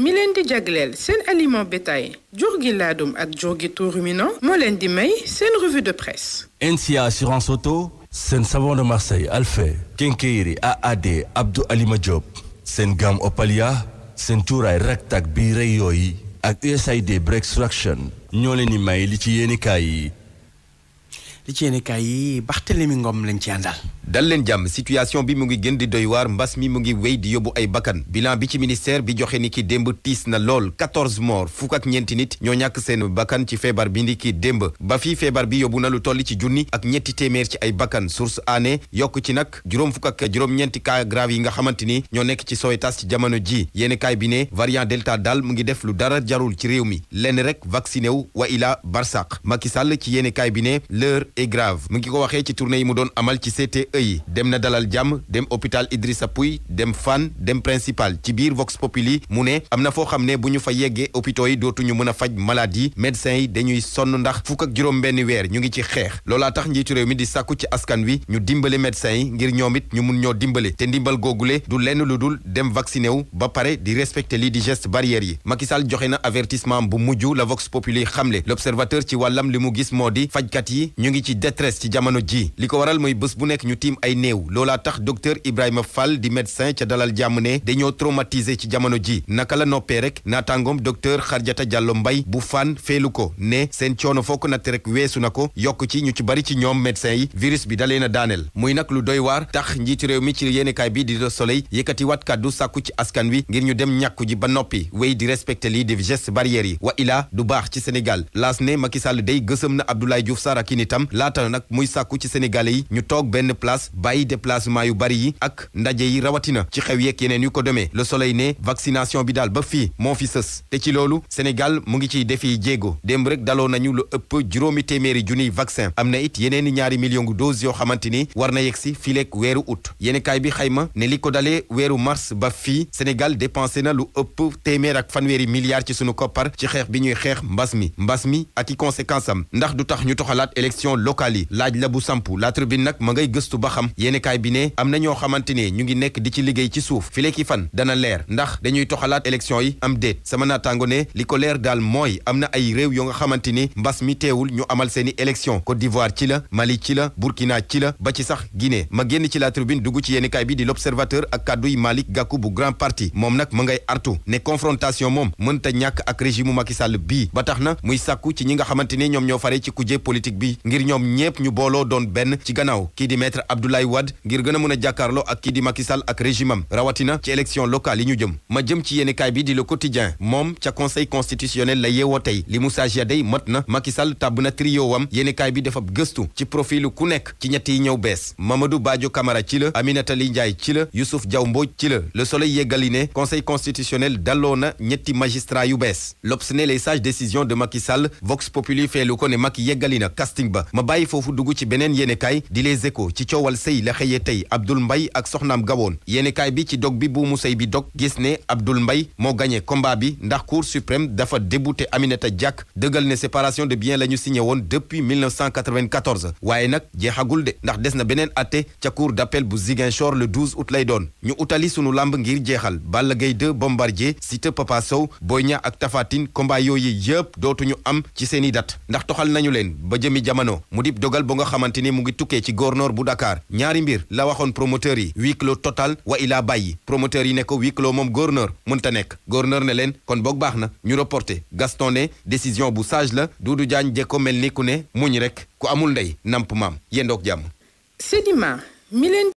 mi leen di jagleel seen aliment bétail jur gi laadum ak jur gi tout ruminant moo leen di may seen revue de presse NCA surance auto seen savon de Marseille Alfay Kenkeyri AAD Abdou Alima Diop seen gamme opaliya seen cuuraay raktak bi rey yooyu ak USAID Breakthrough ñoo leen di may li ci yéenekaay yi li ci yéenekaay yi Barthélémy Ngom lañ ci àndal dal leen jàmm situation bi mu ngi gën di doy waar mbas mi mu ngi wéy di yóbbu ay bakkan bilan bi ci ministère bi joxe ni ki démb tiis na lool 14 morts fukk ak ñeenti nit ñoo ñàkk seen bakkan ci feebar bi ni ki demb ba fii feebar bi yóbbu na lu toll ci junni ak ñetti téeméer ci ay bakkan source aanée yokk ci nag juróom fukk juróom-ñeenti cas grave yi nga xamante ni ñoo nekk ci Sowétas ci jamono ji yéeni kaay bi ne variant delta daal mu ngi def lu dara jarul ci réew mi lenn rek vacciné wu wa ila barsaq Macky Sall ci yéeni bi ne l'heure est mu ngi ko waxee ci tournée yi mu doon amal ci CTE yi dem na dalal jàmm dem hôpital Idrissa Pouy dem Fann dem principal ci biir Vox yi mu ne am na foo xam ne bu ñu fa yeggee hôpitaux yi dootuñu mën a faj malade yi médecins yi dañuy sonn ndax fukk ak juróom benn weer ñu ngi ci xeex loolaa tax njiitu réew mi di sàkku ci askan wi ñu dimbale médecins yi ngir ñoom it ñu mun ñoo dimbale te ndimbal googule du lenn lu dul dem vacciné wu ba pare di respecté lii di geste barrières yi Macky Sall joxe na avertissement bu mujj la Vox Populi xamle l'observateur ci wàllam li mu gis moo di fajkat yi ñu ji tiim ay néew loolaa tax docteur Ibrahima Fall di médecin ca dalal jàmm ne dañoo traumatisé ci jamono ji naka la noppee rek naataangoom docteur Xarjata Diallo Mbay bu fan féelu ko ne seen coono foo ko natt rek weesu na ko yokk ci ñu ci bari ci ñoom médecin yi virus bi dalee na daaneel muy nag lu doy waar tax njiitu réew mi ci yéenekaay bi di Le Soleil yëkkati wat kàddu sàkku ci askan wi ngir ñu dem ñàkku ji ba noppi wéy di respecté lii di geste barrières yi wa ilaa du baax ci Sénégal laas ne Macky Sall day gësëm na Abdoulaye Diouf Sarr ak i nitam laata nag muy sàkku ci Sénégalais yi place bàyyi déplacement yu bari yi ak ndaje yi rawatina ci xew yeeg yeneen yu ko demee la soleil ne vaccination bi daal ba fi moo fi sës te ci loolu Sénégal mu ngi ciy defi jéego démb rek daloo nañu lu ëpp juróomi téeméeri junniy vaccin am na it yeneen ñaari million gu dose yoo xamante ni war na yegg si fileeg weeru août yéenekaay bi xayma ne li ko dalee weeru mars ba fii Sénégal dépensé na lu ëpp téeméer ak fanweeri milliards ci sunu koppar ci xeex bi ñuy xeex mbas mi mbas mi ak conséquence am ndax du tax ñu yi ba xam yéenekaay bi ne am na ñoo xamante ne ñu ngi nekk di ci liggéey ci suuf fi léegi fan dana leer ndax dañuy toxalaat élection yi am déet sama naataango ne li ko leer daal mooy am na ay réew yoo nga xamante ni mbas mi teewul ñu amal seeni élection Côte d'Ivoire ci la Mali ci la Burkina ci la ba ci sax Guinée ma génn ci la tribune dugg ci yéenekaay bi di l'observateur ak kàdduy Malick Gakou bu Grand Parti moom nag ma ngay artu ne confrontation moom mënta ñàkk ak régime Macky Sall bii ba tax na muy sàkku ci ñi nga xamante ni ñoom ñoo fare ci kujje politique bi ngir ñoom ñépp ñu booloo doon benn ci gannaaw kii di maître Abdoulaye Wade ngir gën a mën a jàkkaarloo ak kii di Macky Sall ak régime am rawatina ci élection locale yi ñu jëm ma jëm ci yéenekaay bi di le quotidien moom ca conseil constitutionnel la yeewoo tey li Moussa Diaday mat na Macky Sall tàbb na trio wam yéenekaay bi dafa gëstu ci profilu ku nekk ci ñetti ñëw bees ma Mamadou Badio Camara ci la Aminata Ly Ndiaye ci la Youssouf jaw Mbodj ci la le soleil yeggali ne conseil constitutionnel daloo na ñetti magistrat yu bees l'Obs ne les sages de Macky Sall Vox Populi feelu ko ne Macky yeggali na casting ba ma bàyyi foofu dugg ci beneen yéenekaay di coowal sëy la xëyee tey Abdoul Mbaye ak soxnaam gawoon yéenekaay bi de biens la ñu signé woon depuis 1994 waaye nag jeexagul de ndax des na beneen atte ca Cour d'appel bu Ziguinchor le 12 août lay doon ñu utali sunu lamb ngir jeexal Balla Gaye 2 Bombardier Siteu Papa Sow Boy Niang ak Tapha Tine combat yooyu yëpp dootuñu am ci seeni date ndax toxal nañu leen ba jëmi jamono mu dib dogal ba nga xamante mu ngi tukkee ci gouverneur bu Dakar Dakar ñaari mbir la waxoon promoteur yi huis clos total wa ilaa bàyyi promoteur yi ne ko huis clos moom gouverneur mënta nekk gouverneur ne leen kon boog baax na ñu reporté Gaston ne décision bu sage la Doudou Diagne jeko mel ni ku ne muñ rek ku amul ndey namp maam yendoog jàmm Sedima mi